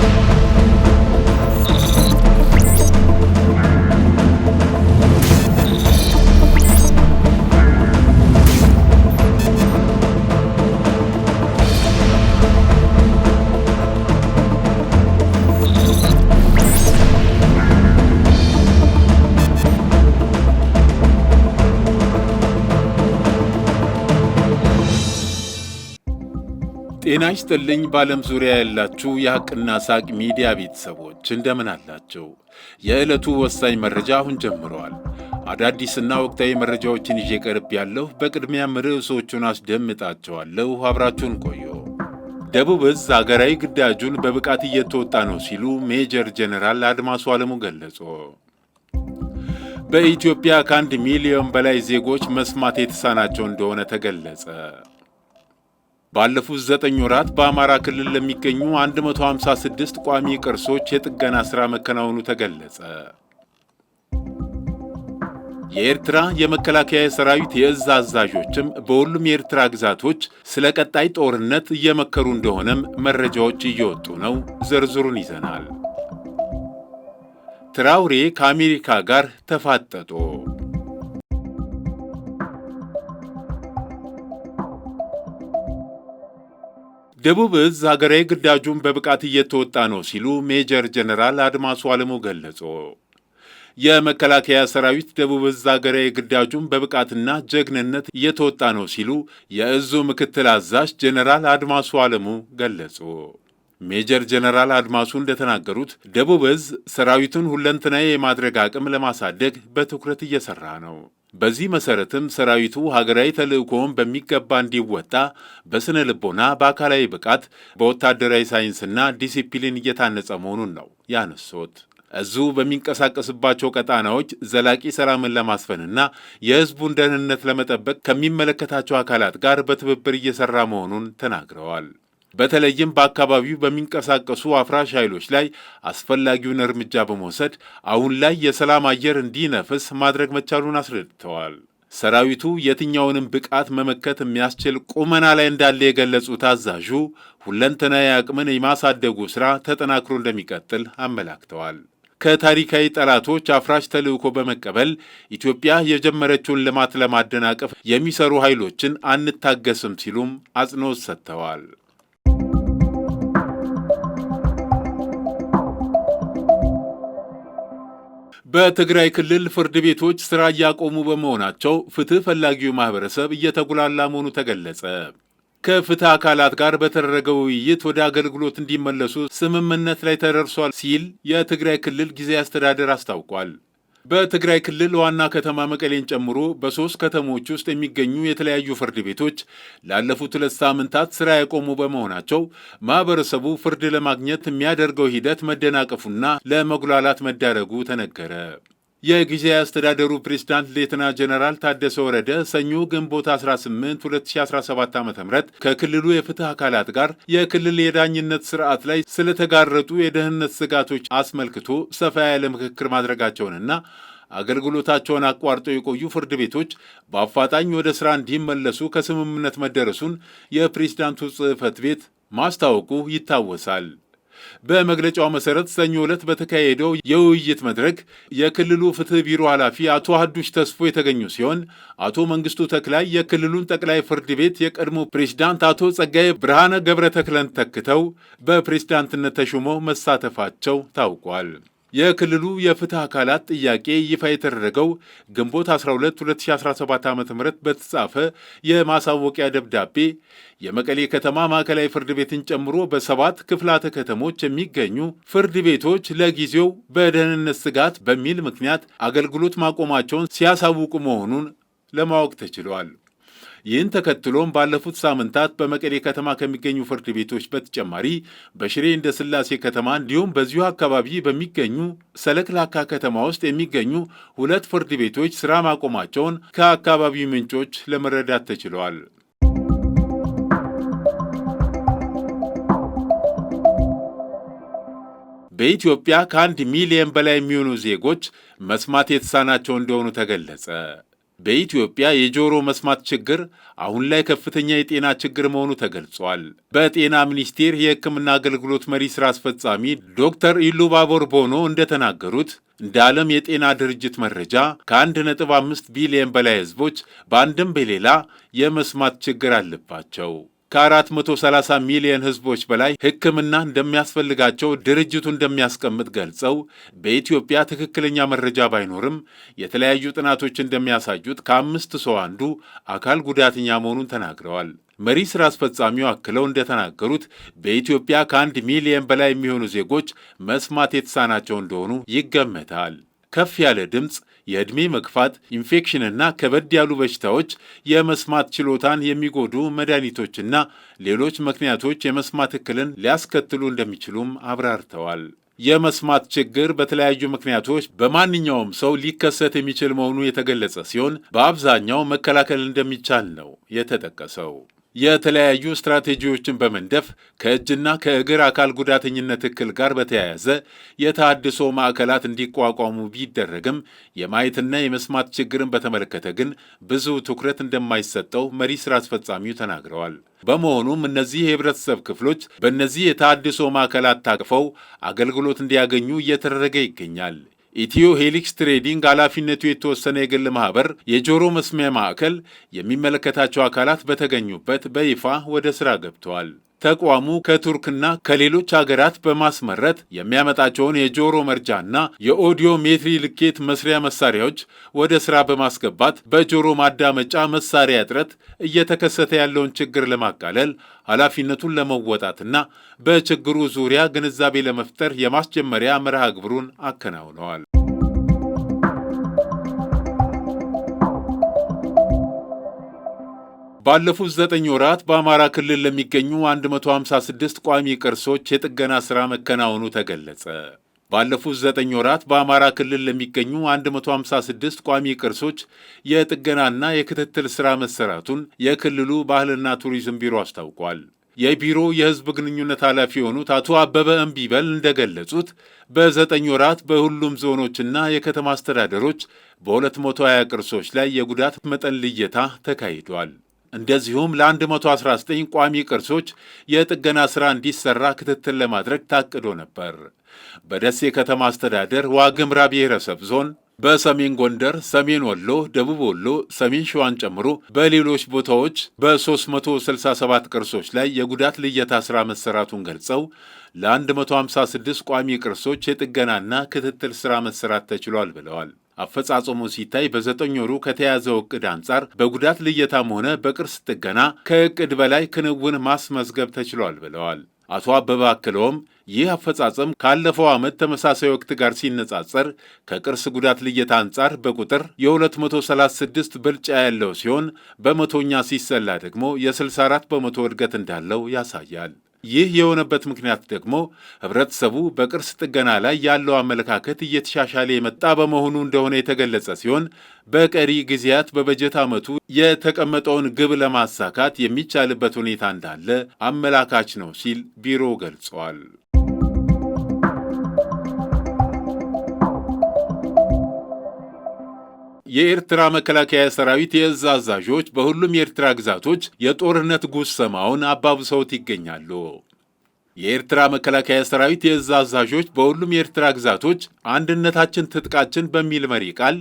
Thank you. ጤና ይስጥልኝ በዓለም ዙሪያ ያላችሁ የሐቅና ሳቅ ሚዲያ ቤተሰቦች እንደምን አላቸው? የዕለቱ ወሳኝ መረጃ አሁን ጀምረዋል። አዳዲስና ወቅታዊ መረጃዎችን ይዤ ቀርብ ያለሁ። በቅድሚያም ርዕሶቹን አስደምጣቸዋለሁ። አብራችሁን ቆዩ። ደቡብ እዝ ሀገራዊ ግዳጁን በብቃት እየተወጣ ነው ሲሉ ሜጀር ጄኔራል አድማሱ አለሙ ገለጹ። በኢትዮጵያ ከአንድ ሚሊዮን በላይ ዜጎች መስማት የተሳናቸው እንደሆነ ተገለጸ። ባለፉት ዘጠኝ ወራት በአማራ ክልል ለሚገኙ 156 ቋሚ ቅርሶች የጥገና ሥራ መከናወኑ ተገለጸ። የኤርትራ የመከላከያ ሰራዊት የእዝ አዛዦችም በሁሉም የኤርትራ ግዛቶች ስለ ቀጣይ ጦርነት እየመከሩ እንደሆነም መረጃዎች እየወጡ ነው። ዝርዝሩን ይዘናል። ትራውሬ ከአሜሪካ ጋር ተፋጠጦ ደቡብ እዝ ሀገራዊ ግዳጁን በብቃት እየተወጣ ነው ሲሉ ሜጀር ጀነራል አድማሱ አለሙ ገለጹ። የመከላከያ ሰራዊት ደቡብ እዝ ሀገራዊ ግዳጁን በብቃትና ጀግንነት እየተወጣ ነው ሲሉ የእዙ ምክትል አዛዥ ጀነራል አድማሱ አለሙ ገለጹ። ሜጀር ጀነራል አድማሱ እንደተናገሩት ደቡብ እዝ ሰራዊቱን ሁለንትናዊ የማድረግ አቅም ለማሳደግ በትኩረት እየሰራ ነው። በዚህ መሰረትም ሰራዊቱ ሀገራዊ ተልእኮውን በሚገባ እንዲወጣ በስነ ልቦና፣ በአካላዊ ብቃት፣ በወታደራዊ ሳይንስና ዲሲፕሊን እየታነጸ መሆኑን ነው ያነሱት። እዙ በሚንቀሳቀስባቸው ቀጣናዎች ዘላቂ ሰላምን ለማስፈንና የሕዝቡን ደህንነት ለመጠበቅ ከሚመለከታቸው አካላት ጋር በትብብር እየሰራ መሆኑን ተናግረዋል። በተለይም በአካባቢው በሚንቀሳቀሱ አፍራሽ ኃይሎች ላይ አስፈላጊውን እርምጃ በመውሰድ አሁን ላይ የሰላም አየር እንዲነፍስ ማድረግ መቻሉን አስረድተዋል። ሰራዊቱ የትኛውንም ብቃት መመከት የሚያስችል ቁመና ላይ እንዳለ የገለጹት አዛዡ ሁለንተናዊ አቅምን የማሳደጉ ሥራ ተጠናክሮ እንደሚቀጥል አመላክተዋል። ከታሪካዊ ጠላቶች አፍራሽ ተልዕኮ በመቀበል ኢትዮጵያ የጀመረችውን ልማት ለማደናቀፍ የሚሰሩ ኃይሎችን አንታገስም ሲሉም አጽንኦት ሰጥተዋል። በትግራይ ክልል ፍርድ ቤቶች ስራ እያቆሙ በመሆናቸው ፍትህ ፈላጊው ማህበረሰብ እየተጉላላ መሆኑ ተገለጸ። ከፍትህ አካላት ጋር በተደረገው ውይይት ወደ አገልግሎት እንዲመለሱ ስምምነት ላይ ተደርሷል ሲል የትግራይ ክልል ጊዜያዊ አስተዳደር አስታውቋል። በትግራይ ክልል ዋና ከተማ መቀሌን ጨምሮ በሶስት ከተሞች ውስጥ የሚገኙ የተለያዩ ፍርድ ቤቶች ላለፉት ሁለት ሳምንታት ስራ ያቆሙ በመሆናቸው ማህበረሰቡ ፍርድ ለማግኘት የሚያደርገው ሂደት መደናቀፉና ለመጉላላት መዳረጉ ተነገረ። የጊዜያዊ አስተዳደሩ ፕሬዝዳንት ሌተና ጀነራል ታደሰ ወረደ ሰኞ ግንቦት 18 2017 ዓ ም ከክልሉ የፍትህ አካላት ጋር የክልል የዳኝነት ስርዓት ላይ ስለተጋረጡ የደህንነት ስጋቶች አስመልክቶ ሰፋ ያለ ምክክር ማድረጋቸውንና አገልግሎታቸውን አቋርጠው የቆዩ ፍርድ ቤቶች በአፋጣኝ ወደ ሥራ እንዲመለሱ ከስምምነት መደረሱን የፕሬዝዳንቱ ጽህፈት ቤት ማስታወቁ ይታወሳል። በመግለጫው መሰረት ሰኞ ዕለት በተካሄደው የውይይት መድረክ የክልሉ ፍትህ ቢሮ ኃላፊ አቶ ሀዱሽ ተስፎ የተገኙ ሲሆን አቶ መንግስቱ ተክላይ የክልሉን ጠቅላይ ፍርድ ቤት የቀድሞ ፕሬዝዳንት አቶ ጸጋዬ ብርሃነ ገብረ ተክለን ተክተው በፕሬዝዳንትነት ተሹመው መሳተፋቸው ታውቋል። የክልሉ የፍትህ አካላት ጥያቄ ይፋ የተደረገው ግንቦት 12 2017 ዓ ም በተጻፈ የማሳወቂያ ደብዳቤ የመቀሌ ከተማ ማዕከላዊ ፍርድ ቤትን ጨምሮ በሰባት ክፍላተ ከተሞች የሚገኙ ፍርድ ቤቶች ለጊዜው በደህንነት ስጋት በሚል ምክንያት አገልግሎት ማቆማቸውን ሲያሳውቁ መሆኑን ለማወቅ ተችሏል። ይህን ተከትሎም ባለፉት ሳምንታት በመቀሌ ከተማ ከሚገኙ ፍርድ ቤቶች በተጨማሪ በሽሬ እንደ ስላሴ ከተማ እንዲሁም በዚሁ አካባቢ በሚገኙ ሰለክላካ ከተማ ውስጥ የሚገኙ ሁለት ፍርድ ቤቶች ስራ ማቆማቸውን ከአካባቢው ምንጮች ለመረዳት ተችለዋል። በኢትዮጵያ ከአንድ ሚሊየን በላይ የሚሆኑ ዜጎች መስማት የተሳናቸው እንደሆኑ ተገለጸ። በኢትዮጵያ የጆሮ መስማት ችግር አሁን ላይ ከፍተኛ የጤና ችግር መሆኑ ተገልጿል። በጤና ሚኒስቴር የሕክምና አገልግሎት መሪ ሥራ አስፈጻሚ ዶክተር ኢሉ ባቦር ቦኖ እንደተናገሩት እንደ ዓለም የጤና ድርጅት መረጃ ከ1.5 ቢሊዮን በላይ ሕዝቦች በአንድም በሌላ የመስማት ችግር አለባቸው። ከ430 ሚሊዮን ህዝቦች በላይ ሕክምና እንደሚያስፈልጋቸው ድርጅቱ እንደሚያስቀምጥ ገልጸው በኢትዮጵያ ትክክለኛ መረጃ ባይኖርም የተለያዩ ጥናቶች እንደሚያሳዩት ከአምስት ሰው አንዱ አካል ጉዳተኛ መሆኑን ተናግረዋል። መሪ ስራ አስፈጻሚው አክለው እንደተናገሩት በኢትዮጵያ ከአንድ ሚሊየን በላይ የሚሆኑ ዜጎች መስማት የተሳናቸው እንደሆኑ ይገመታል። ከፍ ያለ ድምፅ፣ የዕድሜ መግፋት፣ ኢንፌክሽንና ከበድ ያሉ በሽታዎች፣ የመስማት ችሎታን የሚጎዱ መድኃኒቶችና ሌሎች ምክንያቶች የመስማት እክልን ሊያስከትሉ እንደሚችሉም አብራርተዋል። የመስማት ችግር በተለያዩ ምክንያቶች በማንኛውም ሰው ሊከሰት የሚችል መሆኑ የተገለጸ ሲሆን በአብዛኛው መከላከል እንደሚቻል ነው የተጠቀሰው። የተለያዩ ስትራቴጂዎችን በመንደፍ ከእጅና ከእግር አካል ጉዳተኝነት እክል ጋር በተያያዘ የተሃድሶ ማዕከላት እንዲቋቋሙ ቢደረግም የማየትና የመስማት ችግርን በተመለከተ ግን ብዙ ትኩረት እንደማይሰጠው መሪ ስራ አስፈጻሚው ተናግረዋል። በመሆኑም እነዚህ የህብረተሰብ ክፍሎች በእነዚህ የተሃድሶ ማዕከላት ታቅፈው አገልግሎት እንዲያገኙ እየተደረገ ይገኛል። ኢትዮ ሄሊክስ ትሬዲንግ ኃላፊነቱ የተወሰነ የግል ማህበር የጆሮ መስሚያ ማዕከል የሚመለከታቸው አካላት በተገኙበት በይፋ ወደ ስራ ገብተዋል። ተቋሙ ከቱርክና ከሌሎች ሀገራት በማስመረት የሚያመጣቸውን የጆሮ መርጃና የኦዲዮ ሜትሪ ልኬት መስሪያ መሳሪያዎች ወደ ስራ በማስገባት በጆሮ ማዳመጫ መሳሪያ እጥረት እየተከሰተ ያለውን ችግር ለማቃለል ኃላፊነቱን ለመወጣትና በችግሩ ዙሪያ ግንዛቤ ለመፍጠር የማስጀመሪያ መርሃ ግብሩን አከናውነዋል። ባለፉት ዘጠኝ ወራት በአማራ ክልል ለሚገኙ 156 ቋሚ ቅርሶች የጥገና ሥራ መከናወኑ ተገለጸ። ባለፉት ዘጠኝ ወራት በአማራ ክልል ለሚገኙ 156 ቋሚ ቅርሶች የጥገናና የክትትል ሥራ መሰራቱን የክልሉ ባህልና ቱሪዝም ቢሮ አስታውቋል። የቢሮው የሕዝብ ግንኙነት ኃላፊ የሆኑት አቶ አበበ እምቢበል እንደገለጹት በዘጠኝ ወራት በሁሉም ዞኖችና የከተማ አስተዳደሮች በ220 ቅርሶች ላይ የጉዳት መጠን ልየታ ተካሂዷል። እንደዚሁም ለ119 ቋሚ ቅርሶች የጥገና ሥራ እንዲሠራ ክትትል ለማድረግ ታቅዶ ነበር። በደሴ ከተማ አስተዳደር ዋግምራ ብሔረሰብ ዞን በሰሜን ጎንደር፣ ሰሜን ወሎ፣ ደቡብ ወሎ፣ ሰሜን ሸዋን ጨምሮ በሌሎች ቦታዎች በ367 ቅርሶች ላይ የጉዳት ልየታ ሥራ መሠራቱን ገልጸው ለ156 ቋሚ ቅርሶች የጥገናና ክትትል ሥራ መሰራት ተችሏል ብለዋል። አፈጻጸሙ ሲታይ በዘጠኝ ወሩ ከተያዘው እቅድ አንጻር በጉዳት ልየታም ሆነ በቅርስ ጥገና ከእቅድ በላይ ክንውን ማስመዝገብ ተችሏል ብለዋል። አቶ አበባ አክለውም ይህ አፈጻጸም ካለፈው ዓመት ተመሳሳይ ወቅት ጋር ሲነጻጸር ከቅርስ ጉዳት ልየታ አንጻር በቁጥር የ236 ብልጫ ያለው ሲሆን በመቶኛ ሲሰላ ደግሞ የ64 በመቶ እድገት እንዳለው ያሳያል። ይህ የሆነበት ምክንያት ደግሞ ህብረተሰቡ በቅርስ ጥገና ላይ ያለው አመለካከት እየተሻሻለ የመጣ በመሆኑ እንደሆነ የተገለጸ ሲሆን በቀሪ ጊዜያት በበጀት ዓመቱ የተቀመጠውን ግብ ለማሳካት የሚቻልበት ሁኔታ እንዳለ አመላካች ነው ሲል ቢሮው ገልጸዋል። የኤርትራ መከላከያ ሰራዊት የእዝ አዛዦች በሁሉም የኤርትራ ግዛቶች የጦርነት ጉሰማውን አባብሰውት ይገኛሉ። የኤርትራ መከላከያ ሰራዊት የእዝ አዛዦች በሁሉም የኤርትራ ግዛቶች አንድነታችን ትጥቃችን በሚል መሪ ቃል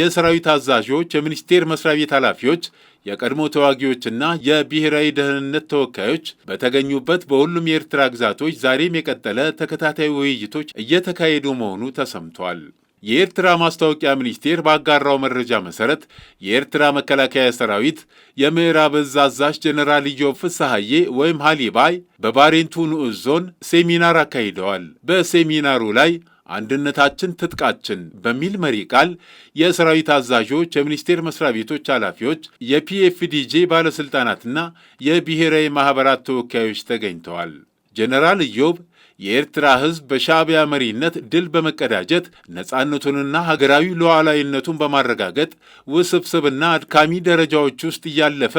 የሰራዊት አዛዦች፣ የሚኒስቴር መስሪያ ቤት ኃላፊዎች፣ የቀድሞ ተዋጊዎችና የብሔራዊ ደህንነት ተወካዮች በተገኙበት በሁሉም የኤርትራ ግዛቶች ዛሬም የቀጠለ ተከታታይ ውይይቶች እየተካሄዱ መሆኑ ተሰምቷል። የኤርትራ ማስታወቂያ ሚኒስቴር ባጋራው መረጃ መሰረት የኤርትራ መከላከያ ሰራዊት የምዕራብ እዝ አዛዥ ጀኔራል ኢዮብ ፍስሐዬ ወይም ሃሊባይ በባሬንቱ ንዑስ ዞን ሴሚናር አካሂደዋል። በሴሚናሩ ላይ አንድነታችን ትጥቃችን በሚል መሪ ቃል የሰራዊት አዛዦች፣ የሚኒስቴር መስሪያ ቤቶች ኃላፊዎች፣ የፒኤፍዲጄ ባለሥልጣናትና የብሔራዊ ማኅበራት ተወካዮች ተገኝተዋል። ጀነራል ኢዮብ የኤርትራ ሕዝብ በሻዕቢያ መሪነት ድል በመቀዳጀት ነፃነቱንና ሀገራዊ ሉዓላዊነቱን በማረጋገጥ ውስብስብና አድካሚ ደረጃዎች ውስጥ እያለፈ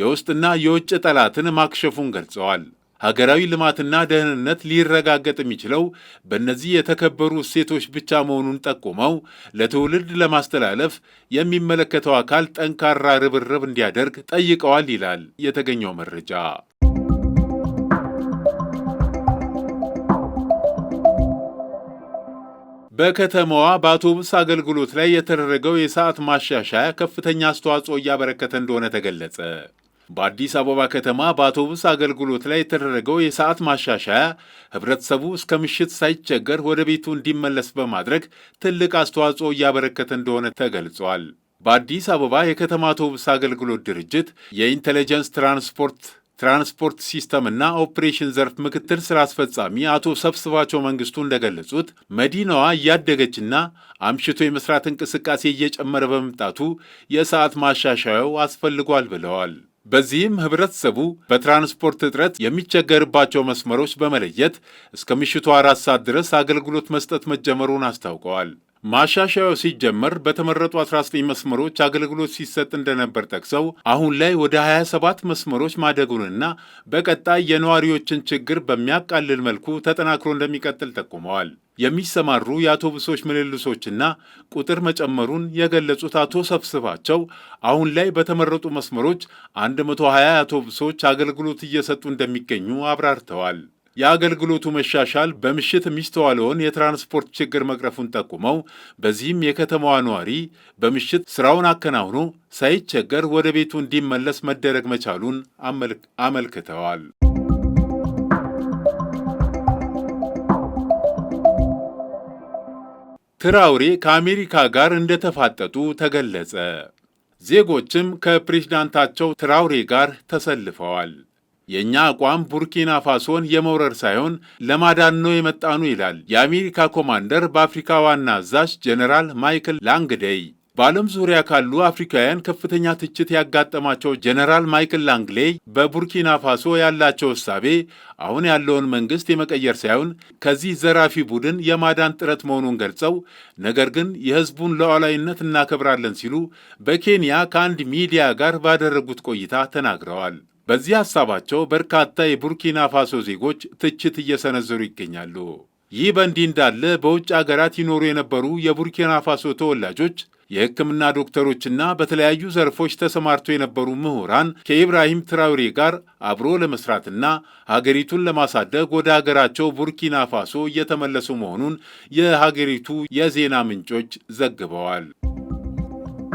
የውስጥና የውጭ ጠላትን ማክሸፉን ገልጸዋል። ሀገራዊ ልማትና ደህንነት ሊረጋገጥ የሚችለው በእነዚህ የተከበሩ እሴቶች ብቻ መሆኑን ጠቁመው ለትውልድ ለማስተላለፍ የሚመለከተው አካል ጠንካራ ርብርብ እንዲያደርግ ጠይቀዋል ይላል የተገኘው መረጃ። በከተማዋ በአውቶቡስ አገልግሎት ላይ የተደረገው የሰዓት ማሻሻያ ከፍተኛ አስተዋጽኦ እያበረከተ እንደሆነ ተገለጸ። በአዲስ አበባ ከተማ በአውቶቡስ አገልግሎት ላይ የተደረገው የሰዓት ማሻሻያ ህብረተሰቡ እስከ ምሽት ሳይቸገር ወደ ቤቱ እንዲመለስ በማድረግ ትልቅ አስተዋጽኦ እያበረከተ እንደሆነ ተገልጿል። በአዲስ አበባ የከተማ አውቶቡስ አገልግሎት ድርጅት የኢንቴሊጀንስ ትራንስፖርት ትራንስፖርት ሲስተም እና ኦፕሬሽን ዘርፍ ምክትል ስራ አስፈጻሚ አቶ ሰብስባቸው መንግስቱ እንደገለጹት መዲናዋ እያደገችና አምሽቶ የመስራት እንቅስቃሴ እየጨመረ በመምጣቱ የሰዓት ማሻሻያው አስፈልጓል ብለዋል። በዚህም ህብረተሰቡ በትራንስፖርት እጥረት የሚቸገርባቸው መስመሮች በመለየት እስከ ምሽቱ አራት ሰዓት ድረስ አገልግሎት መስጠት መጀመሩን አስታውቀዋል። ማሻሻያው ሲጀመር በተመረጡ 19 መስመሮች አገልግሎት ሲሰጥ እንደነበር ጠቅሰው አሁን ላይ ወደ 27 መስመሮች ማደጉንና በቀጣይ የነዋሪዎችን ችግር በሚያቃልል መልኩ ተጠናክሮ እንደሚቀጥል ጠቁመዋል። የሚሰማሩ የአውቶቡሶች ምልልሶችና ቁጥር መጨመሩን የገለጹት አቶ ሰብስባቸው አሁን ላይ በተመረጡ መስመሮች 120 አውቶቡሶች አገልግሎት እየሰጡ እንደሚገኙ አብራርተዋል። የአገልግሎቱ መሻሻል በምሽት የሚስተዋለውን የትራንስፖርት ችግር መቅረፉን ጠቁመው በዚህም የከተማዋ ነዋሪ በምሽት ስራውን አከናውኖ ሳይቸገር ወደ ቤቱ እንዲመለስ መደረግ መቻሉን አመልክተዋል። ትራውሬ ከአሜሪካ ጋር እንደተፋጠጡ ተገለጸ። ዜጎችም ከፕሬዝዳንታቸው ትራውሬ ጋር ተሰልፈዋል። የእኛ አቋም ቡርኪና ፋሶን የመውረር ሳይሆን ለማዳን ነው የመጣኑ ይላል የአሜሪካ ኮማንደር በአፍሪካ ዋና አዛዥ ጀኔራል ማይክል ላንግደይ በዓለም ዙሪያ ካሉ አፍሪካውያን ከፍተኛ ትችት ያጋጠማቸው ጀነራል ማይክል ላንግሌይ በቡርኪና ፋሶ ያላቸው እሳቤ አሁን ያለውን መንግስት የመቀየር ሳይሆን ከዚህ ዘራፊ ቡድን የማዳን ጥረት መሆኑን ገልጸው ነገር ግን የሕዝቡን ሉዓላዊነት እናከብራለን ሲሉ በኬንያ ከአንድ ሚዲያ ጋር ባደረጉት ቆይታ ተናግረዋል። በዚህ ሀሳባቸው በርካታ የቡርኪና ፋሶ ዜጎች ትችት እየሰነዘሩ ይገኛሉ። ይህ በእንዲህ እንዳለ በውጭ አገራት ይኖሩ የነበሩ የቡርኪና ፋሶ ተወላጆች የሕክምና ዶክተሮችና በተለያዩ ዘርፎች ተሰማርቶ የነበሩ ምሁራን ከኢብራሂም ትራውሬ ጋር አብሮ ለመስራትና ሀገሪቱን ለማሳደግ ወደ ሀገራቸው ቡርኪና ፋሶ እየተመለሱ መሆኑን የሀገሪቱ የዜና ምንጮች ዘግበዋል።